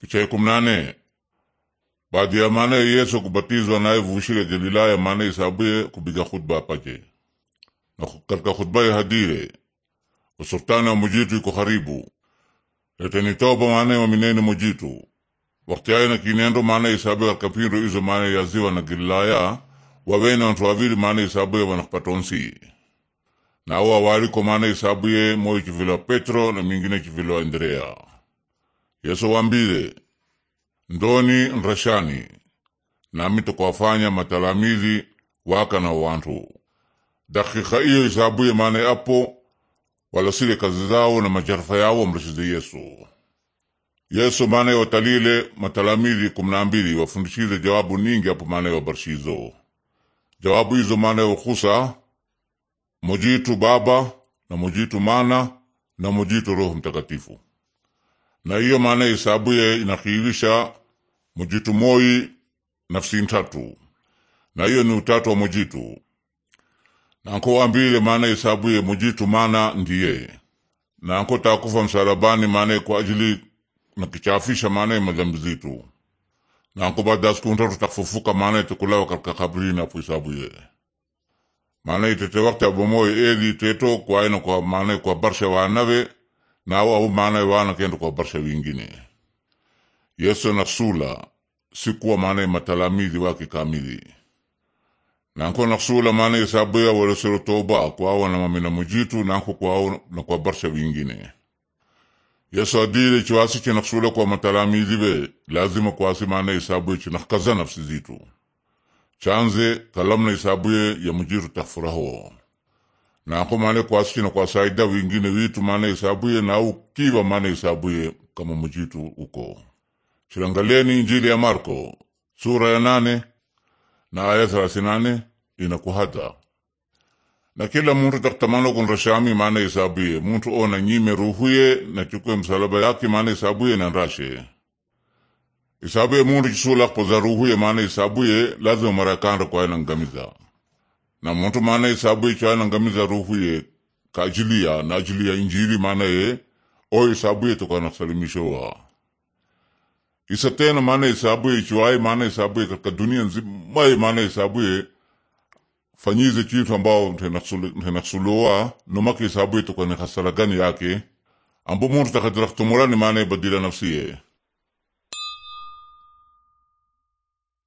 picha ya kumi na nane baadi ya maana ya yesu kubatizwa naye vushile galilaya maana isabuye kubiga khutba apaje na katika khutba ya hadire usultani wa mujitu iko karibu leteni toba maana mineni mujitu wakati ayo na kinendo maana isabuye katika pindo izo maana ya ziwa na galilaya wawene wantu wavili maana isabuye wanakupatonsi na awo awaliko maana isabuye moyo chivilo petro na mingine chivilo andrea Yesu wambile ndoni nrashani nami tokwafanya matalamizi waka na wantu dakika iyo isabuye maanaye apo walasile kazi zawo na majarifa yawo wamrashize Yesu Yesu maana yawatalile matalamizi kumi na mbili wafundishize jawabu ningi apo maana wabarishizo jawabu izo maanaye wakusa mujitu Baba na mujitu Mana na mujitu Roho Mtakatifu na hiyo maana hesabuye inakiilisha mujitu moi nafsi ntatu na hiyo ni utatu wa mujitu nanko ambile maana hesabuye mujitu maana ndiye nanko takufa msalabani maana kwa ajili nakichafisha maana madhambi zitu nanko baada siku ntatu tafufuka maana tukulawa katika kabri na kuhesabuye maana itete wakati abomoye eli teto kwa aina kwa maana kwa barsha wanawe nawo au maana wana kendo kwa barsha wingine yesu na sula sikuwa maana matalamizi wake kamili nanko na sula maana isabuya walesero toba kwa na mamina mujitu nanko kwa na kwa barsha wingine yesu adile chiwasi sula kwa matalamizi be lazima kwasi maana isabuye chinakaza nafsi zitu chanze kalamna isabuye ya mujitu tafuraho ako mane kwa saida wengine witu mane isabuye na ukiwa mane isabuye kama mujitu uko shilangaleni injili ya Marko sura ya nane na aya thelathini na nane inakuhada na kila muntu taktamanogon rashami mane isabuye muntu o nyime ruhuye chukue msalaba yake mane isabuye nanrashe isabuye muntu chisulakpoza ruhuye mane isabuye lazima marakanda kwaenangamiza na muntu maana isabu ichaanangamiza ruhu ye kajilia na ajili ya injili maana ye o isabu ye tokanasalimishowa isa tena maana isabu ye ichiwaye maana isabu ye katika dunia nzima ye maana isabu ye fanyize chitu ambao ntenaksulowa nomaka isabu ye tokanihasaragani yake ambo muntu takadira kutomorani maana ibadila nafsi ye